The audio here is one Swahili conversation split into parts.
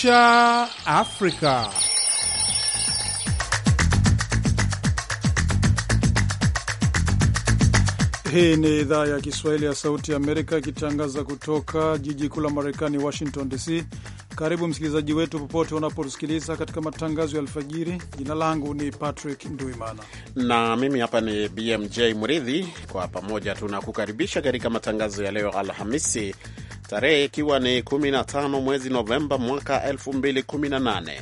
Kumekucha Afrika. Hii ni idhaa ya Kiswahili ya Sauti ya Amerika ikitangaza kutoka jiji kuu la Marekani, Washington DC. Karibu msikilizaji wetu popote unaposikiliza katika matangazo ya alfajiri. Jina langu ni Patrick Nduimana na mimi hapa ni BMJ Muridhi. Kwa pamoja tunakukaribisha katika matangazo ya leo Alhamisi tarehe ikiwa ni 15 mwezi Novemba mwaka 2018.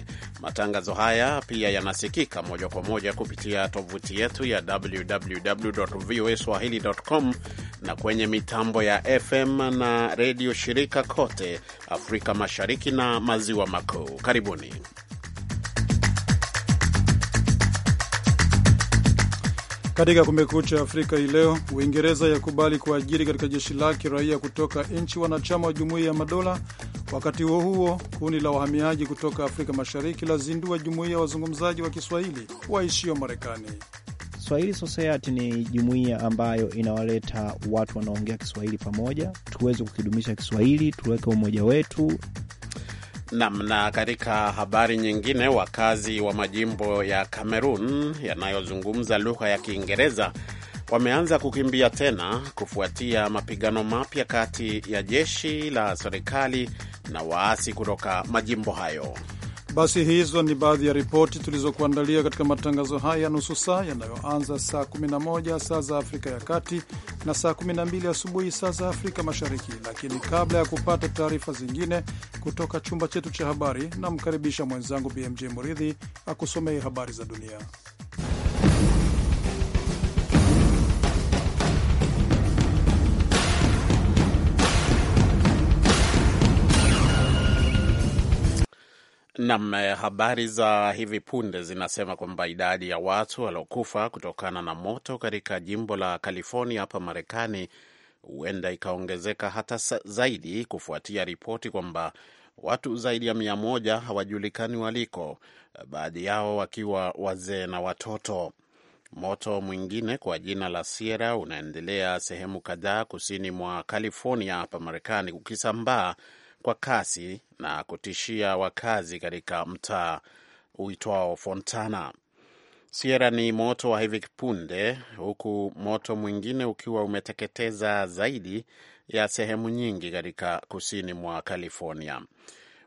Matangazo haya pia yanasikika moja kwa moja kupitia tovuti yetu ya www.voaswahili.com na kwenye mitambo ya FM na redio shirika kote Afrika Mashariki na Maziwa Makuu. Karibuni. Katika Kumekucha Afrika hii leo, Uingereza yakubali kuajiri katika jeshi lake raia kutoka nchi wanachama wa Jumuiya ya Madola. Wakati huo huo, kundi la wahamiaji kutoka Afrika Mashariki lazindua jumuiya ya wazungumzaji wa Kiswahili waishio Marekani. Swahili Society ni jumuiya ambayo inawaleta watu wanaongea Kiswahili pamoja, tuweze kukidumisha Kiswahili, tuweke umoja wetu. Nam. Na katika habari nyingine, wakazi wa majimbo ya cameron yanayozungumza lugha ya Kiingereza wameanza kukimbia tena kufuatia mapigano mapya kati ya jeshi la serikali na waasi kutoka majimbo hayo. Basi hizo ni baadhi ya ripoti tulizokuandalia katika matangazo haya ya nusu saa yanayoanza saa 11 saa za Afrika ya Kati na saa 12 asubuhi saa za Afrika Mashariki. Lakini kabla ya kupata taarifa zingine kutoka chumba chetu cha habari, namkaribisha mwenzangu BMJ Muridhi akusomei habari za dunia. Nam, eh, habari za hivi punde zinasema kwamba idadi ya watu waliokufa kutokana na moto katika jimbo la California hapa Marekani huenda ikaongezeka hata zaidi kufuatia ripoti kwamba watu zaidi ya mia moja hawajulikani waliko, baadhi yao wakiwa wazee na watoto. Moto mwingine kwa jina la Sierra unaendelea sehemu kadhaa kusini mwa California hapa Marekani ukisambaa kwa kasi na kutishia wakazi katika mtaa uitwao Fontana. Sierra ni moto wa hivi punde, huku moto mwingine ukiwa umeteketeza zaidi ya sehemu nyingi katika kusini mwa California.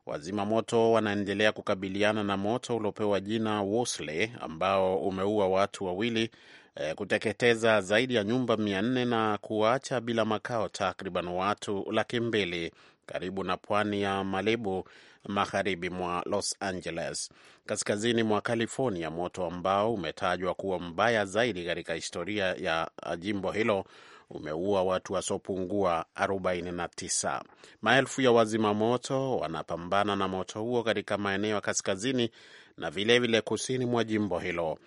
Wazima moto wanaendelea kukabiliana na moto uliopewa jina Wosley ambao umeua watu wawili, e, kuteketeza zaidi ya nyumba mia nne na kuwaacha bila makao takriban watu laki mbili karibu na pwani ya Malibu magharibi mwa Los Angeles, kaskazini mwa California, moto ambao umetajwa kuwa mbaya zaidi katika historia ya uh, jimbo hilo umeua watu wasiopungua 49. Maelfu ya wazima moto wanapambana na moto huo katika maeneo ya kaskazini na vilevile vile kusini mwa jimbo hilo.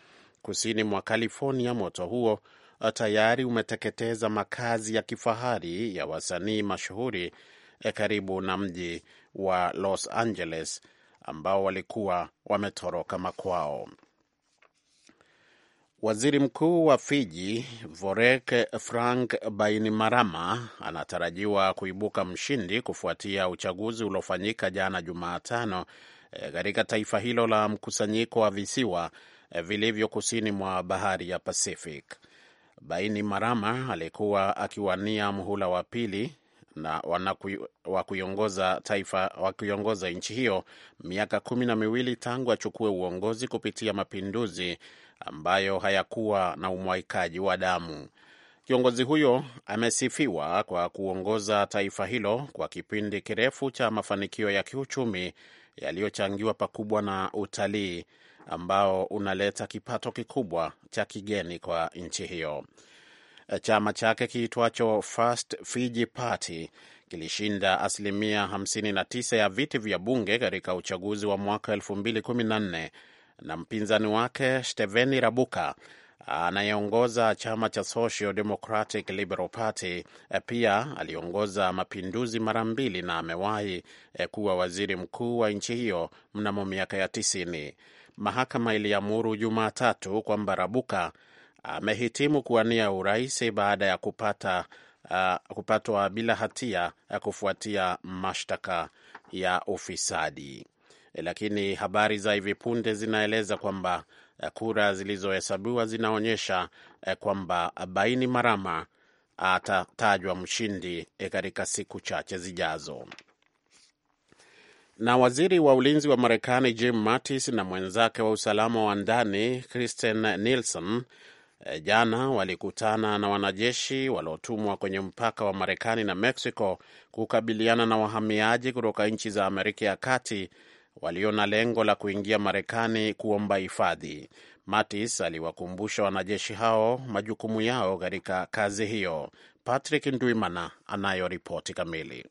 Kusini mwa California, moto huo uh, tayari umeteketeza makazi ya kifahari ya wasanii mashuhuri Eh, karibu na mji wa Los Angeles ambao walikuwa wametoroka makwao. Waziri Mkuu wa Fiji Vorek Frank Bainimarama anatarajiwa kuibuka mshindi kufuatia uchaguzi uliofanyika jana Jumatano eh, katika taifa hilo la mkusanyiko wa visiwa eh, vilivyo kusini mwa bahari ya Pacific. Bainimarama alikuwa akiwania mhula wa pili na wakuiongoza taifa wakiongoza nchi hiyo miaka kumi na miwili tangu achukue uongozi kupitia mapinduzi ambayo hayakuwa na umwaikaji wa damu. Kiongozi huyo amesifiwa kwa kuongoza taifa hilo kwa kipindi kirefu cha mafanikio ya kiuchumi yaliyochangiwa pakubwa na utalii ambao unaleta kipato kikubwa cha kigeni kwa nchi hiyo. Eh, chama chake kiitwacho First Fiji Party kilishinda asilimia 59 ya viti vya bunge katika uchaguzi wa mwaka 2014 na mpinzani wake Steveni Rabuka anayeongoza chama cha Social Democratic Liberal Party eh, pia aliongoza mapinduzi mara mbili na amewahi eh, kuwa waziri mkuu wa nchi hiyo mnamo miaka ya tisini. Mahakama iliamuru Jumatatu kwamba Rabuka amehitimu kuwania urais baada ya kupata uh, kupatwa bila hatia ya kufuatia mashtaka ya ufisadi. Lakini habari za hivi punde zinaeleza kwamba ah, kura zilizohesabiwa zinaonyesha ah, kwamba baini Marama atatajwa mshindi eh, katika siku chache zijazo. Na waziri wa ulinzi wa Marekani Jim Mattis na mwenzake wa usalama wa ndani Kristen Nielsen Eh, jana walikutana na wanajeshi waliotumwa kwenye mpaka wa Marekani na Mexico kukabiliana na wahamiaji kutoka nchi za Amerika ya Kati walio na lengo la kuingia Marekani kuomba hifadhi. Mattis aliwakumbusha wanajeshi hao majukumu yao katika kazi hiyo. Patrick Ndwimana anayo ripoti kamili.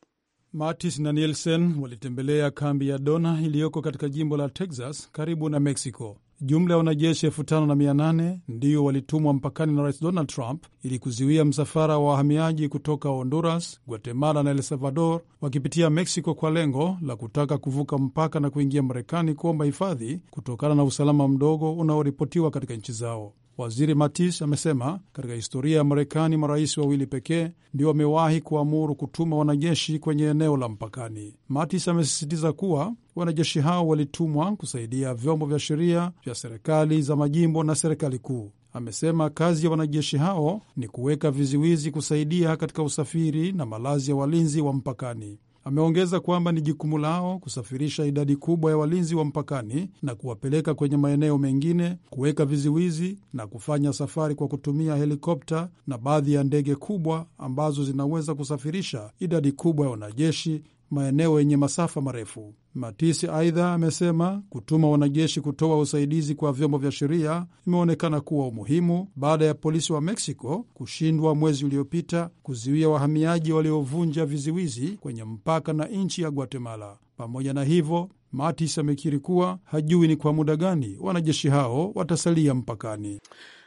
Mattis na Nielsen walitembelea kambi ya Dona iliyoko katika jimbo la Texas karibu na Mexico. Jumla ya wanajeshi elfu tano na mia nane ndiyo walitumwa mpakani na Rais Donald Trump ili kuziwia msafara wa wahamiaji kutoka Honduras, Guatemala na el Salvador wakipitia Meksiko kwa lengo la kutaka kuvuka mpaka na kuingia Marekani kuomba hifadhi kutokana na usalama mdogo unaoripotiwa katika nchi zao. Waziri Mattis amesema katika historia ya Marekani marais wawili pekee ndio wamewahi kuamuru kutuma wanajeshi kwenye eneo la mpakani. Mattis amesisitiza kuwa wanajeshi hao walitumwa kusaidia vyombo vya sheria vya serikali za majimbo na serikali kuu. Amesema kazi ya wanajeshi hao ni kuweka viziwizi kusaidia katika usafiri na malazi ya walinzi wa mpakani. Ameongeza kwamba ni jukumu lao kusafirisha idadi kubwa ya walinzi wa mpakani na kuwapeleka kwenye maeneo mengine, kuweka viziwizi na kufanya safari kwa kutumia helikopta na baadhi ya ndege kubwa ambazo zinaweza kusafirisha idadi kubwa ya wanajeshi maeneo yenye masafa marefu. Matisi aidha amesema kutuma wanajeshi kutoa usaidizi kwa vyombo vya sheria imeonekana kuwa umuhimu baada ya polisi wa Meksiko kushindwa mwezi uliopita kuzuia wahamiaji waliovunja viziwizi kwenye mpaka na nchi ya Guatemala. Pamoja na hivyo, Matis amekiri kuwa hajui ni kwa muda gani wanajeshi hao watasalia mpakani.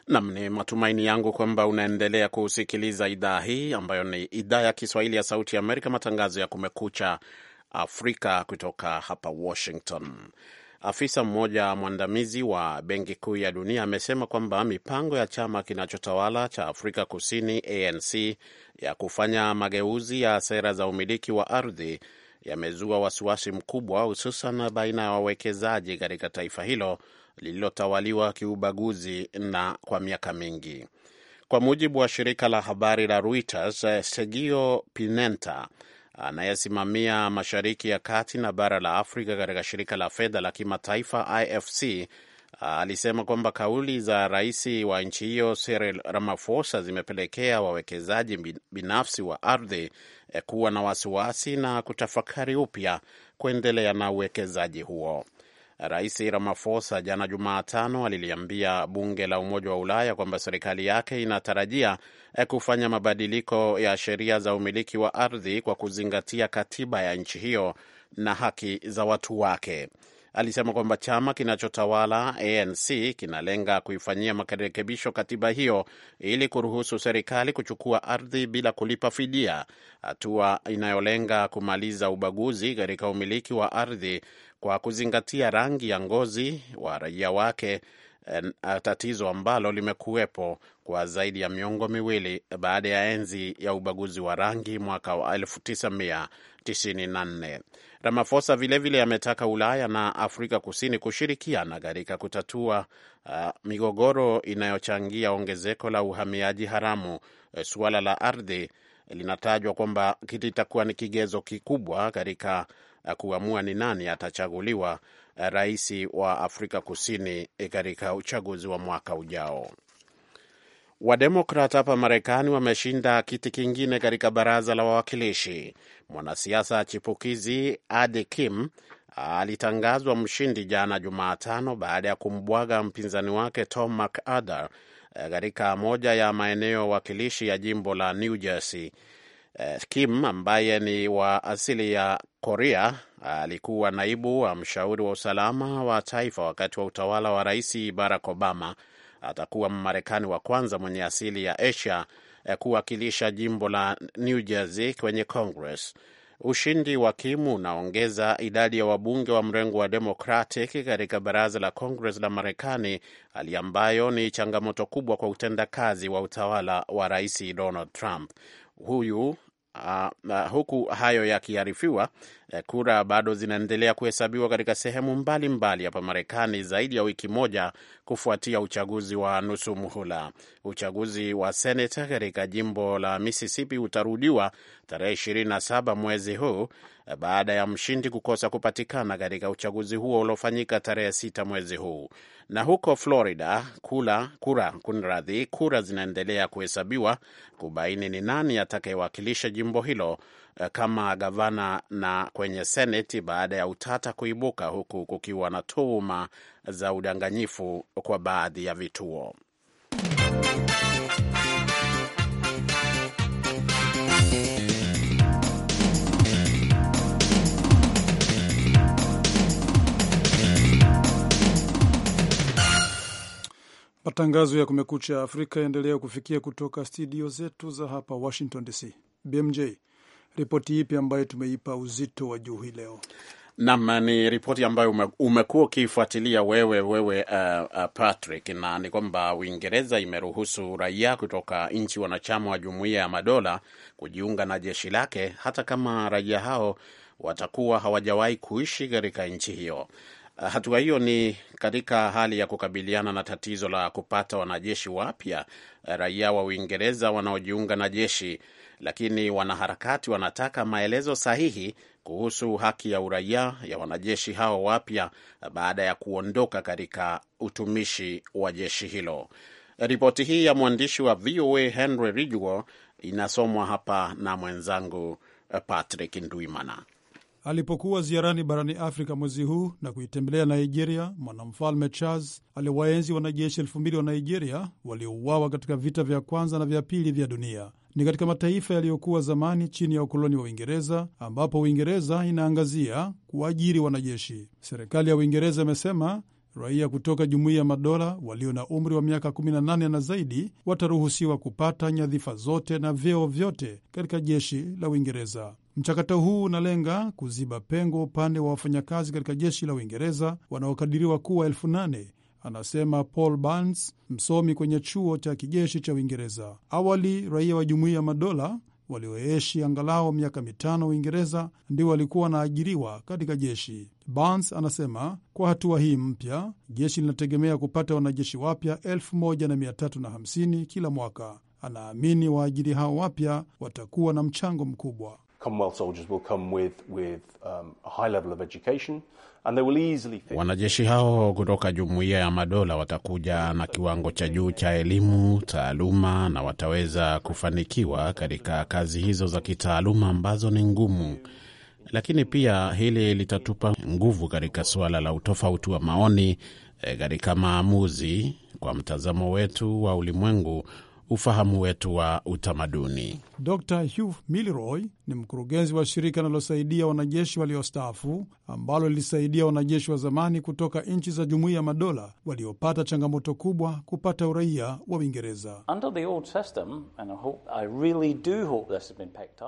Nam, ni matumaini yangu kwamba unaendelea kusikiliza idhaa hii ambayo ni idhaa ya Kiswahili ya Sauti ya Amerika, matangazo ya Kumekucha Afrika kutoka hapa Washington. Afisa mmoja mwandamizi wa Benki Kuu ya Dunia amesema kwamba mipango ya chama kinachotawala cha Afrika Kusini ANC ya kufanya mageuzi ya sera za umiliki wa ardhi yamezua wasiwasi mkubwa, hususan baina ya wawekezaji katika taifa hilo lililotawaliwa kiubaguzi na kwa miaka mingi. Kwa mujibu wa shirika la habari la Reuters, Sergio Pinenta anayesimamia mashariki ya kati na bara la Afrika katika shirika la fedha la kimataifa IFC Ah, alisema kwamba kauli za rais wa nchi hiyo Cyril Ramaphosa zimepelekea wawekezaji binafsi wa ardhi eh, kuwa na wasiwasi na kutafakari upya kuendelea na uwekezaji huo. Rais Ramaphosa jana Jumatano aliliambia bunge la Umoja wa Ulaya kwamba serikali yake inatarajia eh, kufanya mabadiliko ya sheria za umiliki wa ardhi kwa kuzingatia katiba ya nchi hiyo na haki za watu wake alisema kwamba chama kinachotawala ANC kinalenga kuifanyia marekebisho katiba hiyo ili kuruhusu serikali kuchukua ardhi bila kulipa fidia, hatua inayolenga kumaliza ubaguzi katika umiliki wa ardhi kwa kuzingatia rangi ya ngozi wa raia wake, eh, tatizo ambalo limekuwepo kwa zaidi ya miongo miwili baada ya enzi ya ubaguzi wa rangi mwaka wa 1994. Ramaphosa vilevile ametaka Ulaya na Afrika Kusini kushirikiana katika kutatua uh, migogoro inayochangia ongezeko la uhamiaji haramu. Uh, suala la ardhi linatajwa kwamba kitakuwa ni kigezo kikubwa katika uh, kuamua ni nani atachaguliwa uh, rais wa Afrika Kusini katika uchaguzi wa mwaka ujao. Wademokrat hapa Marekani wameshinda kiti kingine katika baraza la wawakilishi. Mwanasiasa chipukizi Adi Kim alitangazwa mshindi jana Jumatano baada ya kumbwaga mpinzani wake Tom McAdar eh, katika moja ya maeneo wakilishi ya jimbo la New Jersey. Eh, Kim ambaye ni wa asili ya Korea alikuwa naibu wa mshauri wa usalama wa taifa wakati wa utawala wa Rais Barack Obama atakuwa Mmarekani wa kwanza mwenye asili ya Asia eh, kuwakilisha jimbo la New Jersey kwenye Congress. Ushindi wa Kimu unaongeza idadi ya wabunge wa mrengo wa Democratic katika baraza la Congress la Marekani, hali ambayo ni changamoto kubwa kwa utendakazi wa utawala wa Rais Donald Trump. Huyu Uh, uh, huku hayo yakiharifiwa, uh, eh, kura bado zinaendelea kuhesabiwa katika sehemu mbalimbali hapa mbali Marekani, zaidi ya wiki moja kufuatia uchaguzi wa nusu muhula. Uchaguzi wa seneta katika jimbo la Mississippi utarudiwa tarehe 27 mwezi huu baada ya mshindi kukosa kupatikana katika uchaguzi huo uliofanyika tarehe 6 mwezi huu. Na huko Florida kula, kura kunradhi, kura zinaendelea kuhesabiwa kubaini ni nani atakayewakilisha jimbo hilo eh, kama gavana na kwenye seneti baada ya utata kuibuka huku kukiwa na tuhuma za udanganyifu kwa baadhi ya vituo. Matangazo ya Kumekucha Afrika yaendelea kufikia kutoka studio zetu za hapa Washington DC. BMJ, ripoti ipi ambayo tumeipa uzito wa juu hii leo? Nam, ni ripoti ambayo umekuwa ukiifuatilia wewe wewe, uh, uh, Patrick, na ni kwamba Uingereza imeruhusu raia kutoka nchi wanachama wa Jumuiya ya Madola kujiunga na jeshi lake hata kama raia hao watakuwa hawajawahi kuishi katika nchi hiyo. Uh, hatua hiyo ni katika hali ya kukabiliana na tatizo la kupata wanajeshi wapya uh, raia wa Uingereza wanaojiunga na jeshi, lakini wanaharakati wanataka maelezo sahihi kuhusu haki ya uraia ya wanajeshi hao wapya uh, baada ya kuondoka katika utumishi wa jeshi hilo. Ripoti hii ya mwandishi wa VOA Henry Ridgwell inasomwa hapa na mwenzangu Patrick Ndwimana. Alipokuwa ziarani barani Afrika mwezi huu na kuitembelea Nigeria, mwanamfalme Charles aliwaenzi wanajeshi elfu mbili wa Nigeria waliouawa katika vita vya kwanza na vya pili vya dunia. Ni katika mataifa yaliyokuwa zamani chini ya ukoloni wa Uingereza, ambapo Uingereza inaangazia kuajiri wanajeshi. Serikali ya Uingereza imesema raia kutoka Jumuiya ya Madola walio na umri wa miaka 18 na zaidi wataruhusiwa kupata nyadhifa zote na vyeo vyote katika jeshi la Uingereza. Mchakato huu unalenga kuziba pengo upande wa wafanyakazi katika jeshi la Uingereza wanaokadiriwa kuwa elfu nane, anasema Paul Barnes, msomi kwenye chuo cha kijeshi cha Uingereza. Awali raia wa Jumuiya ya Madola walioeshi angalau miaka mitano Uingereza ndio walikuwa wanaajiriwa katika jeshi. Barnes anasema kwa hatua hii mpya, jeshi linategemea kupata wanajeshi wapya 1350 kila mwaka. Anaamini waajiri hao wapya watakuwa na mchango mkubwa. Commonwealth soldiers will come with, with, um, a high level of education and they will easily... Wanajeshi hao kutoka Jumuiya ya Madola watakuja na kiwango cha juu cha elimu, taaluma na wataweza kufanikiwa katika kazi hizo za kitaaluma ambazo ni ngumu. Lakini pia hili litatupa nguvu katika suala la utofauti wa maoni eh, katika maamuzi, kwa mtazamo wetu wa ulimwengu ufahamu wetu wa utamaduni. Dr Hugh Milroy ni mkurugenzi wa shirika linalosaidia wanajeshi waliostaafu ambalo lilisaidia wanajeshi wa zamani kutoka nchi za Jumuiya ya Madola waliopata changamoto kubwa kupata uraia wa Uingereza. really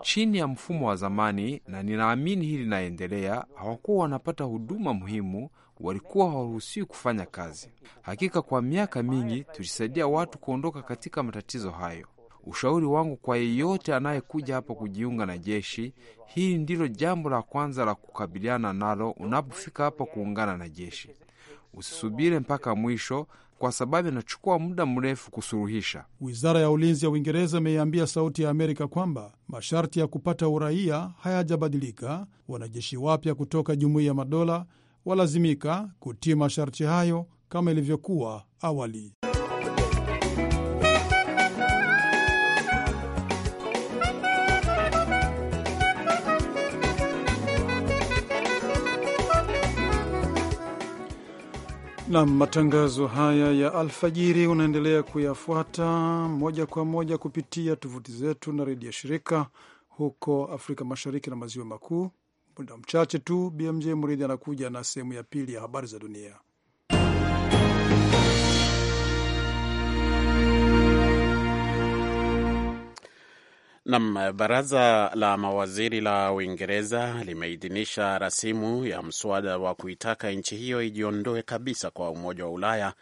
chini ya mfumo wa zamani, na ninaamini hili linaendelea, hawakuwa wanapata huduma muhimu walikuwa hawaruhusiwi kufanya kazi. Hakika kwa miaka mingi tulisaidia watu kuondoka katika matatizo hayo. Ushauri wangu kwa yeyote anayekuja hapa kujiunga na jeshi, hili ndilo jambo la kwanza la kukabiliana nalo unapofika hapa kuungana na jeshi. usisubire mpaka mwisho, kwa sababu inachukua muda mrefu kusuluhisha. Wizara ya ulinzi ya Uingereza imeiambia Sauti ya Amerika kwamba masharti ya kupata uraia hayajabadilika. Wanajeshi wapya kutoka Jumuiya ya Madola walazimika kutii masharti hayo kama ilivyokuwa awali. na matangazo haya ya alfajiri unaendelea kuyafuata moja kwa moja kupitia tovuti zetu na redio shirika huko Afrika Mashariki na Maziwa Makuu, Muda mchache tu BMJ Mridhi anakuja na sehemu ya pili ya habari za dunia. Nam, baraza la mawaziri la Uingereza limeidhinisha rasimu ya mswada wa kuitaka nchi hiyo ijiondoe kabisa kwa Umoja wa Ulaya,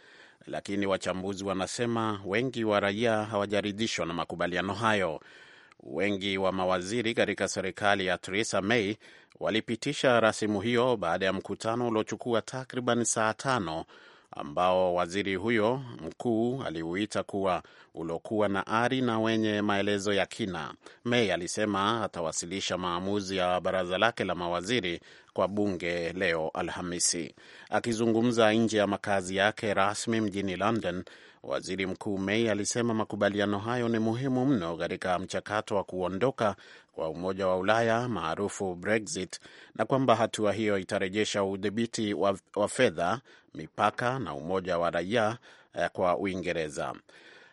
lakini wachambuzi wanasema wengi wa raia hawajaridhishwa na makubaliano hayo. Wengi wa mawaziri katika serikali ya Theresa May walipitisha rasimu hiyo baada ya mkutano uliochukua takriban saa tano ambao waziri huyo mkuu aliuita kuwa uliokuwa na ari na wenye maelezo ya kina. May alisema atawasilisha maamuzi ya baraza lake la mawaziri kwa bunge leo Alhamisi. Akizungumza nje ya makazi yake rasmi mjini London, waziri mkuu May alisema makubaliano hayo ni muhimu mno katika mchakato wa kuondoka wa Umoja wa Ulaya maarufu Brexit, na kwamba hatua hiyo itarejesha udhibiti wa, wa fedha, mipaka na umoja wa raia eh, kwa Uingereza.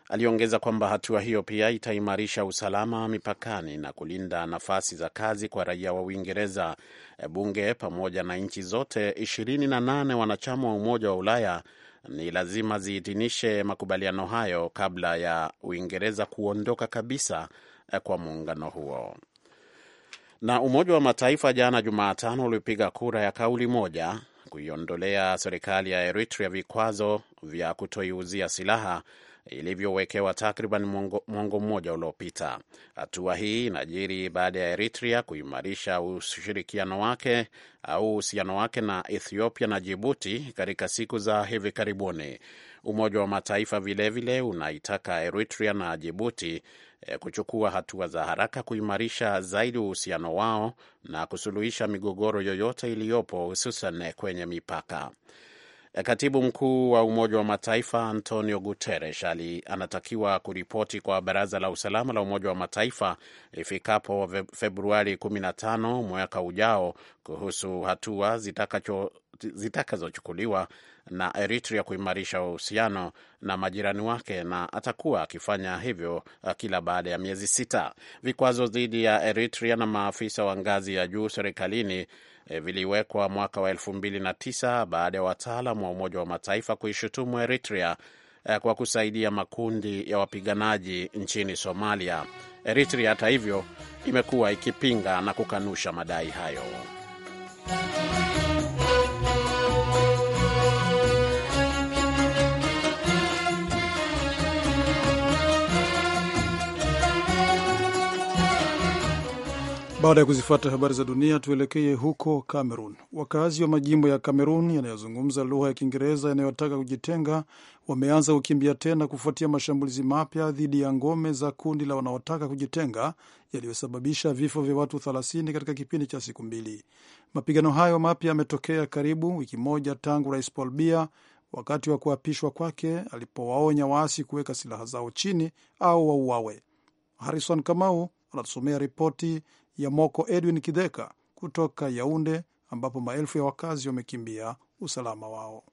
Aliongeza kwamba hatua hiyo pia itaimarisha usalama mipakani na kulinda nafasi za kazi kwa raia wa Uingereza. Eh, bunge pamoja na nchi zote 28 wanachama wa Umoja wa Ulaya ni lazima ziidhinishe makubaliano hayo kabla ya Uingereza kuondoka kabisa eh, kwa muungano huo. Na Umoja wa Mataifa jana Jumatano ulipiga kura ya kauli moja kuiondolea serikali ya Eritrea vikwazo vya kutoiuzia silaha ilivyowekewa takriban mwongo mmoja uliopita. Hatua hii inajiri baada ya Eritrea kuimarisha ushirikiano wake au uhusiano wake na Ethiopia na Jibuti katika siku za hivi karibuni. Umoja wa Mataifa vilevile unaitaka Eritrea na Jibuti E, kuchukua hatua za haraka kuimarisha zaidi uhusiano wao na kusuluhisha migogoro yoyote iliyopo hususan kwenye mipaka. E, katibu mkuu wa Umoja wa Mataifa Antonio Guterres ali anatakiwa kuripoti kwa Baraza la Usalama la Umoja wa Mataifa ifikapo Februari 15 mwaka ujao kuhusu hatua zitakazochukuliwa na Eritrea kuimarisha uhusiano na majirani wake na atakuwa akifanya hivyo uh, kila baada ya miezi sita. Vikwazo dhidi ya Eritrea na maafisa wa ngazi ya juu serikalini E, viliwekwa mwaka wa elfu mbili na tisa baada ya wataalam wa Umoja wa Mataifa kuishutumu Eritrea e, kwa kusaidia makundi ya wapiganaji nchini Somalia. Eritrea hata hivyo imekuwa ikipinga na kukanusha madai hayo. Baada ya kuzifuata habari za dunia, tuelekee huko Kamerun. Wakazi wa majimbo ya cameron yanayozungumza lugha ya Kiingereza yanayotaka kujitenga wameanza kukimbia tena kufuatia mashambulizi mapya dhidi ya ngome za kundi la wanaotaka kujitenga yaliyosababisha vifo vya watu 30 katika kipindi cha siku mbili. Mapigano hayo mapya yametokea karibu wiki moja tangu Rais Paul Biya wakati wa kuapishwa kwake alipowaonya waasi kuweka silaha zao chini au wauawe. Harrison Kamau anatusomea ripoti ya Moko Edwin Kideka kutoka Yaunde ambapo maelfu ya wakazi wamekimbia usalama wao.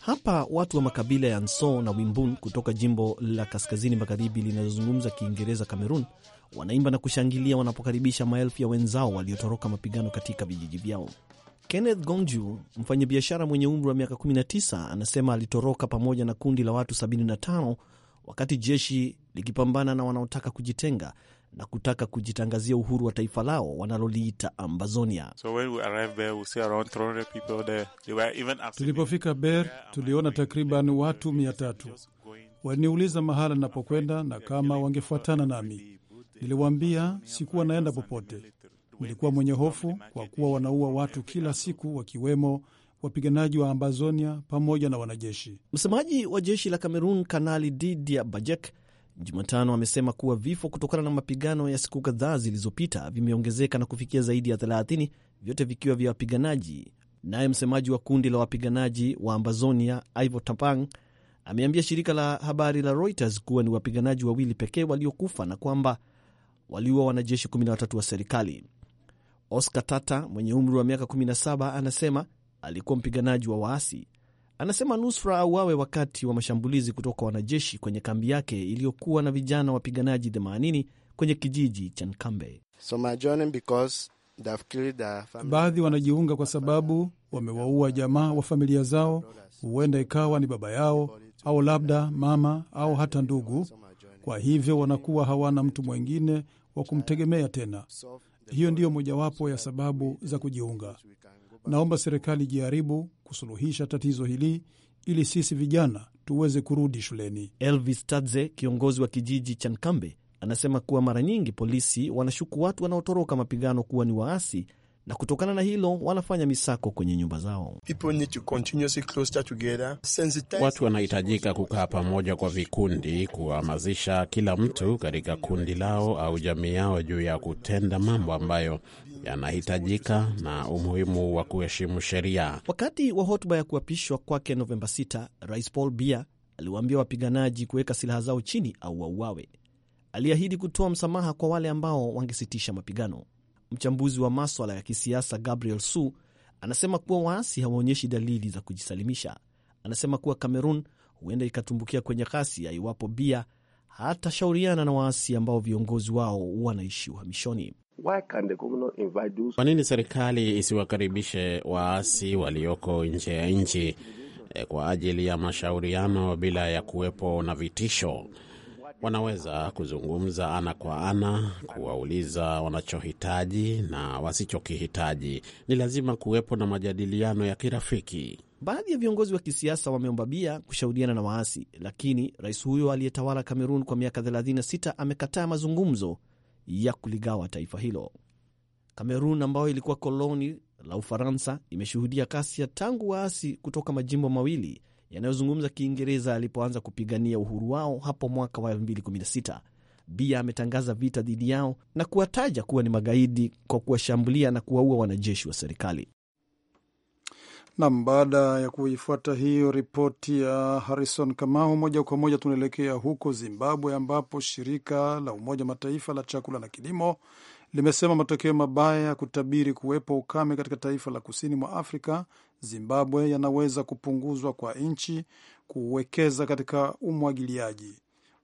Hapa watu wa makabila ya Nso na Wimbun kutoka jimbo la kaskazini magharibi linalozungumza Kiingereza Kamerun wanaimba na kushangilia wanapokaribisha maelfu ya wenzao waliotoroka mapigano katika vijiji vyao. Kenneth Gonju, mfanyabiashara mwenye umri wa miaka 19, anasema alitoroka pamoja na kundi la watu 75 wakati jeshi likipambana na wanaotaka kujitenga na kutaka kujitangazia uhuru wa taifa lao wanaloliita Ambazonia. So tulipofika Ber tuliona takriban watu mia tatu. Waliniuliza mahala ninapokwenda na kama wangefuatana nami. Niliwaambia sikuwa naenda popote. Nilikuwa mwenye hofu kwa kuwa wanaua watu kila siku, wakiwemo wapiganaji wa Ambazonia pamoja na wanajeshi. Msemaji wa jeshi la Kamerun, Kanali Didia Bajek, Jumatano amesema kuwa vifo kutokana na mapigano ya siku kadhaa zilizopita vimeongezeka na kufikia zaidi ya 30, vyote vikiwa vya wapiganaji. Naye msemaji wa kundi la wapiganaji wa Ambazonia, Ivo Tapang, ameambia shirika la habari la Reuters kuwa ni wapiganaji wawili pekee waliokufa na kwamba waliuwa wanajeshi 13 wa serikali. Oscar Tata mwenye umri wa miaka 17 anasema alikuwa mpiganaji wa waasi. Anasema nusra auawe wakati wa mashambulizi kutoka wanajeshi kwenye kambi yake iliyokuwa na vijana wapiganaji 80 kwenye kijiji cha Nkambe. So baadhi wanajiunga kwa sababu wamewaua jamaa wa familia zao, huenda ikawa ni baba yao au labda mama au hata ndugu. Kwa hivyo wanakuwa hawana mtu mwengine wa kumtegemea tena. Hiyo ndiyo mojawapo ya sababu za kujiunga. Naomba serikali ijaribu kusuluhisha tatizo hili ili sisi vijana tuweze kurudi shuleni. Elvis Tadze, kiongozi wa kijiji cha Nkambe, anasema kuwa mara nyingi polisi wanashuku watu wanaotoroka mapigano kuwa ni waasi na kutokana na hilo wanafanya misako kwenye nyumba zao. Watu wanahitajika kukaa pamoja kwa vikundi, kuhamasisha kila mtu katika kundi lao au jamii yao juu ya kutenda mambo ambayo yanahitajika na umuhimu wa kuheshimu sheria. Wakati wa hotuba ya kuapishwa kwake Novemba 6, Rais Paul Bia aliwaambia wapiganaji kuweka silaha zao chini au wauawe. Aliahidi kutoa msamaha kwa wale ambao wangesitisha mapigano. Mchambuzi wa maswala ya kisiasa Gabriel Su anasema kuwa waasi hawaonyeshi dalili za kujisalimisha. Anasema kuwa cameron huenda ikatumbukia kwenye ghasia iwapo Bia hatashauriana na waasi ambao viongozi wao wanaishi uhamishoni. Kwa nini serikali isiwakaribishe waasi walioko nje ya nchi eh, kwa ajili ya mashauriano bila ya kuwepo na vitisho? wanaweza kuzungumza ana kwa ana, kuwauliza wanachohitaji na wasichokihitaji. Ni lazima kuwepo na majadiliano ya kirafiki. Baadhi ya viongozi wa kisiasa wameomba bia kushauriana na waasi, lakini rais huyo aliyetawala Kamerun kwa miaka 36 amekataa mazungumzo ya kuligawa taifa hilo. Kamerun ambayo ilikuwa koloni la Ufaransa imeshuhudia kasi ya tangu waasi kutoka majimbo mawili yanayozungumza Kiingereza alipoanza kupigania uhuru wao hapo mwaka wa 2016. Bia ametangaza vita dhidi yao na kuwataja kuwa ni magaidi kwa kuwashambulia na kuwaua wanajeshi wa serikali. Nam, baada ya kuifuata hiyo ripoti ya Harrison Kamau, moja kwa moja tunaelekea huko Zimbabwe, ambapo shirika la Umoja Mataifa la chakula na kilimo limesema matokeo mabaya ya kutabiri kuwepo ukame katika taifa la kusini mwa Afrika Zimbabwe yanaweza kupunguzwa kwa nchi kuwekeza katika umwagiliaji.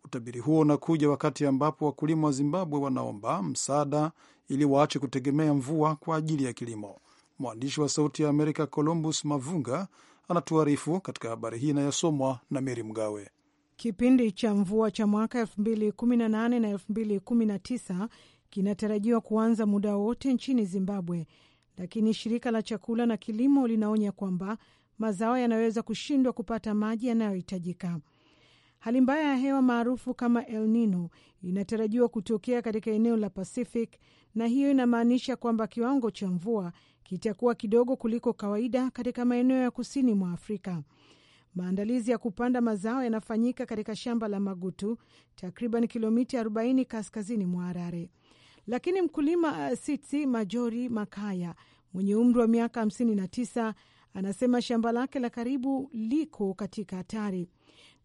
Utabiri huo unakuja wakati ambapo wakulima wa Zimbabwe wanaomba msaada ili waache kutegemea mvua kwa ajili ya kilimo. Mwandishi wa Sauti ya Amerika Columbus Mavunga anatuarifu katika habari hii inayosomwa na Meri Mgawe. Kipindi cha mvua cha mwaka 2018 na 2019 kinatarajiwa kuanza muda wote nchini Zimbabwe lakini shirika la chakula na kilimo linaonya kwamba mazao yanaweza kushindwa kupata maji yanayohitajika. Hali mbaya ya hewa maarufu kama El Nino inatarajiwa kutokea katika eneo la Pacific, na hiyo inamaanisha kwamba kiwango cha mvua kitakuwa kidogo kuliko kawaida katika maeneo ya kusini mwa Afrika. Maandalizi ya kupanda mazao yanafanyika katika shamba la Magutu, takriban kilomita 40 kaskazini mwa Harare. Lakini mkulima eh, Sitsi Majori Makaya mwenye umri wa miaka 59 anasema shamba lake la karibu liko katika hatari.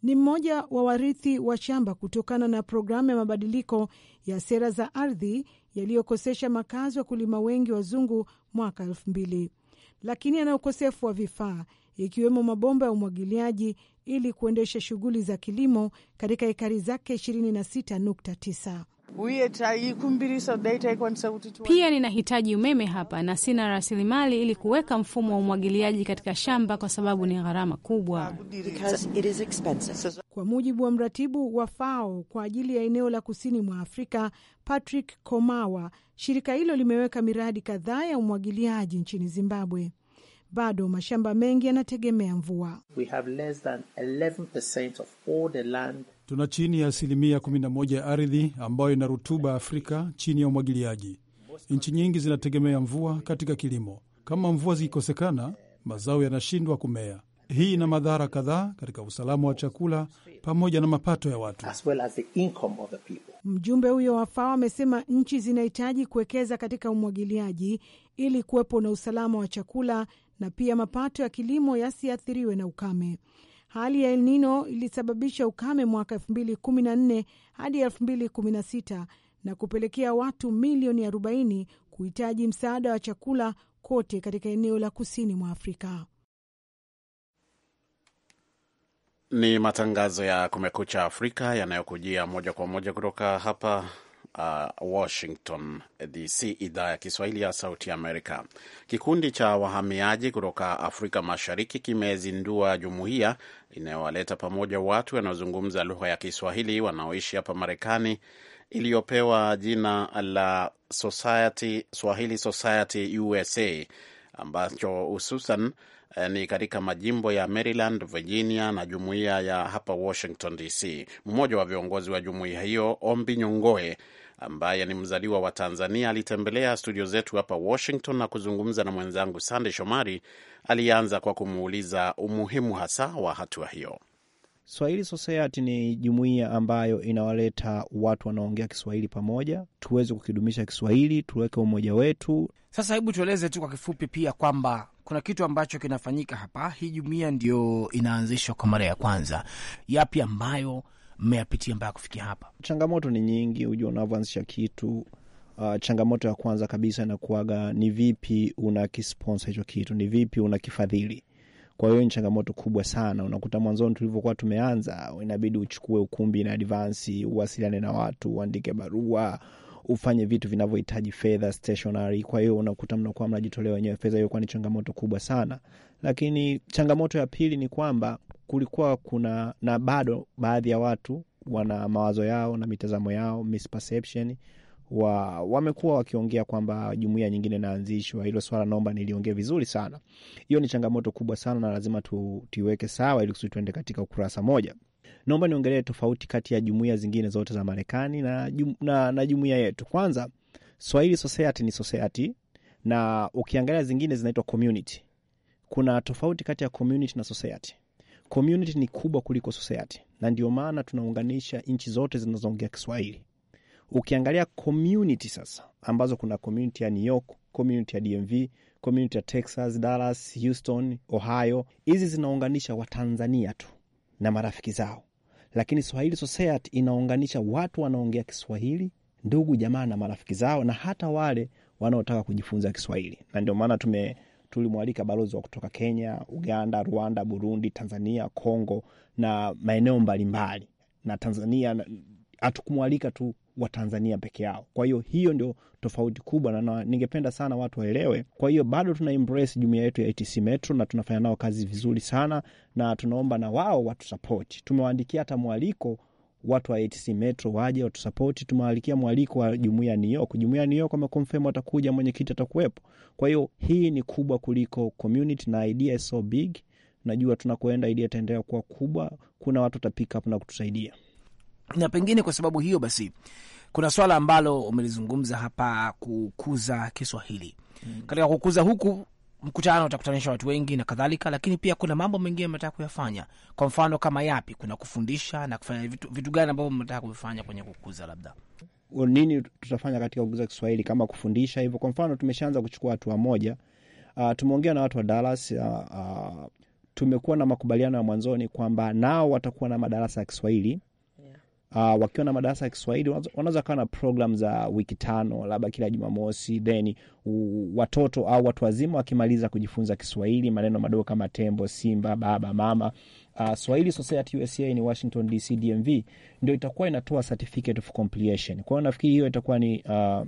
Ni mmoja wa warithi wa shamba kutokana na programu ya mabadiliko ya sera za ardhi yaliyokosesha makazi kulima wengi wazungu mwaka elfu mbili, lakini ana ukosefu wa vifaa ikiwemo mabomba ya umwagiliaji ili kuendesha shughuli za kilimo katika ekari zake tisa. Pia ninahitaji umeme hapa na sina rasilimali ili kuweka mfumo wa umwagiliaji katika shamba kwa sababu ni gharama kubwa. Kwa mujibu wa mratibu wa FAO kwa ajili ya eneo la kusini mwa Afrika, Patrick Komawa, shirika hilo limeweka miradi kadhaa ya umwagiliaji nchini Zimbabwe. Bado mashamba mengi yanategemea mvua. We have less than 11% of all the land Tuna chini ya asilimia 11 ya ardhi ambayo ina rutuba Afrika chini ya umwagiliaji. Nchi nyingi zinategemea mvua katika kilimo. Kama mvua zikikosekana, mazao yanashindwa kumea. Hii ina madhara kadhaa katika usalama wa chakula pamoja na mapato ya watu as well as the income of the people. Mjumbe huyo wa FAO amesema nchi zinahitaji kuwekeza katika umwagiliaji ili kuwepo na usalama wa chakula na pia mapato ya kilimo yasiathiriwe na ukame. Hali ya El Nino ilisababisha ukame mwaka 2014 hadi 2016 na kupelekea watu milioni 40 kuhitaji msaada wa chakula kote katika eneo la kusini mwa Afrika. Ni matangazo ya Kumekucha Afrika yanayokujia moja kwa moja kutoka hapa Uh, Washington DC, idhaa ya Kiswahili ya Sauti ya Amerika. Kikundi cha wahamiaji kutoka Afrika Mashariki kimezindua jumuiya inayowaleta pamoja watu wanaozungumza lugha ya Kiswahili wanaoishi hapa Marekani iliyopewa jina la Society, Swahili Society USA ambacho hususan eh, ni katika majimbo ya Maryland, Virginia na jumuiya ya hapa Washington DC. Mmoja wa viongozi wa jumuiya hiyo Ombi Nyongoe ambaye ni mzaliwa wa Tanzania alitembelea studio zetu hapa Washington na kuzungumza na mwenzangu Sande Shomari. Alianza kwa kumuuliza umuhimu hasa wa hatua hiyo. Swahili Society ni jumuiya ambayo inawaleta watu wanaongea Kiswahili pamoja, tuweze kukidumisha Kiswahili, tuweke umoja wetu. Sasa hebu tueleze tu kwa kifupi pia kwamba kuna kitu ambacho kinafanyika hapa. Hii jumuiya ndio inaanzishwa kwa mara ya kwanza, yapi ambayo mmeyapitia mpaka kufikia hapa? Changamoto ni nyingi, hujua unavyoanzisha kitu. Uh, changamoto ya kwanza kabisa inakuaga ni vipi una kisponsa hicho kitu, ni vipi una kifadhili. Kwa hiyo ni changamoto kubwa sana. Unakuta mwanzoni tulivyokuwa tumeanza, inabidi uchukue ukumbi na advansi, uwasiliane na watu, uandike barua ufanye vitu vinavyohitaji fedha stationary. Kwa hiyo unakuta mnakuwa mnajitolea wenyewe fedha hiyo, kwa ni changamoto kubwa sana lakini changamoto ya pili ni kwamba kulikuwa kuna na bado baadhi ya watu wana mawazo yao na mitazamo yao misperception wa, wamekuwa wakiongea kwamba jumuia nyingine naanzishwa Hilo swala naomba niliongee vizuri sana. Hiyo ni changamoto kubwa sana na lazima tu, tuiweke sawa ili kusudi tuende katika ukurasa moja. Naomba niongelee tofauti kati ya jumuia zingine zote za Marekani na, jum, na, na jumuia yetu. Kwanza Swahili society ni society, na ukiangalia zingine zinaitwa community kuna tofauti kati ya community na society. Community ni kubwa kuliko society, na ndio maana tunaunganisha nchi zote zinazoongea Kiswahili. Ukiangalia community sasa, ambazo kuna community ya New York, community ya DMV, community ya Texas, Dallas, Houston, Ohio, hizi zinaunganisha Watanzania tu na marafiki zao, lakini Swahili Society inaunganisha watu wanaongea Kiswahili, ndugu jamaa na marafiki zao, na hata wale wanaotaka kujifunza Kiswahili, na ndio maana tume tulimwalika balozi wa kutoka Kenya, Uganda, Rwanda, Burundi, Tanzania, congo na maeneo mbalimbali na Tanzania hatukumwalika tu Watanzania peke yao. Kwa hiyo hiyo ndio tofauti kubwa, na ningependa sana watu waelewe. Kwa hiyo bado tuna embrace jumuia yetu ya ATC Metro na tunafanya nao kazi vizuri sana, na tunaomba na wao watusapoti. Tumewaandikia hata mwaliko watu wa ATC Metro waje watusapoti. Tumewalikia mwaliko wa jumuia ya New York. jumuia ya New York wamekonfirm watakuja, mwenyekiti atakuwepo. Kwa hiyo hii ni kubwa kuliko community na idea is so big. Najua tunakoenda idea itaendelea kuwa kubwa, kuna watu watapika na kutusaidia, na pengine kwa sababu hiyo basi kuna swala ambalo umelizungumza hapa, kukuza Kiswahili. Hmm. Katika kukuza huku mkutano utakutanisha watu wengi na kadhalika, lakini pia kuna mambo mengine mnataka kuyafanya. Kwa mfano kama yapi? Kuna kufundisha na kufanya vitu, vitu gani ambavyo mnataka kuvifanya kwenye kukuza labda nini tutafanya katika kukuza Kiswahili kama kufundisha hivyo. Kwa mfano tumeshaanza kuchukua hatua moja. Uh, tumeongea na watu wa Dallas. Uh, uh, tumekuwa na makubaliano ya mwanzoni kwamba nao watakuwa na madarasa ya Kiswahili uh, wakiwa na madarasa ya Kiswahili wanaweza kawa na program za wiki tano labda kila Jumamosi, then watoto au watu wazima wakimaliza kujifunza Kiswahili, maneno madogo kama tembo, simba, baba, mama. Uh, Swahili Society USA ni Washington DC DMV ndio itakuwa inatoa certificate of completion. Kwa hiyo nafikiri hiyo itakuwa ni uh,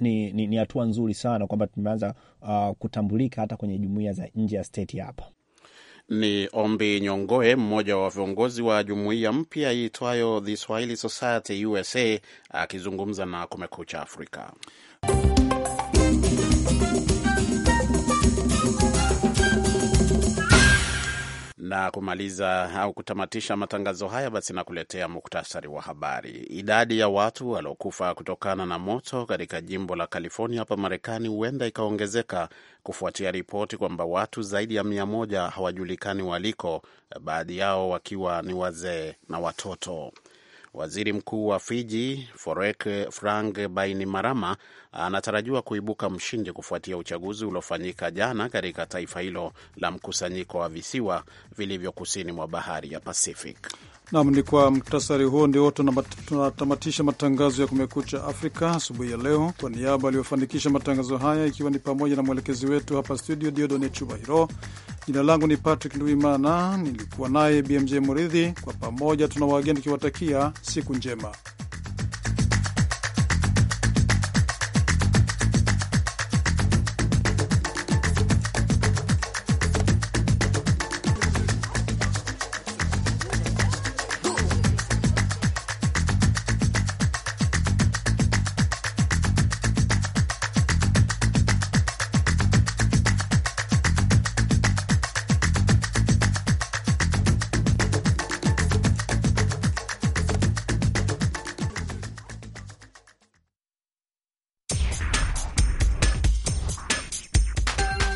ni hatua ni, hatua nzuri sana kwamba tumeanza uh, kutambulika hata kwenye jumuiya za nje ya state hapa. Ni Ombi Nyongoe, mmoja wa viongozi wa jumuiya mpya iitwayo The Swahili Society USA, akizungumza na Kumekucha Afrika. na kumaliza au kutamatisha matangazo haya, basi nakuletea muktasari wa habari. Idadi ya watu waliokufa kutokana na moto katika jimbo la California hapa Marekani huenda ikaongezeka kufuatia ripoti kwamba watu zaidi ya mia moja hawajulikani waliko, baadhi yao wakiwa ni wazee na watoto. Waziri mkuu wa Fiji Forek Frank Bainimarama anatarajiwa kuibuka mshindi kufuatia uchaguzi uliofanyika jana katika taifa hilo la mkusanyiko wa visiwa vilivyo kusini mwa bahari ya Pacific. Nam, ni kwa mktasari huo ndio tunatamatisha matangazo ya Kumekucha Afrika asubuhi ya leo. Kwa niaba aliyofanikisha matangazo haya, ikiwa ni pamoja na mwelekezi wetu hapa studio Diodone Jina langu ni Patrick nduimana nilikuwa naye BMJ Muridhi. Kwa pamoja tuna wageni tukiwatakia siku njema.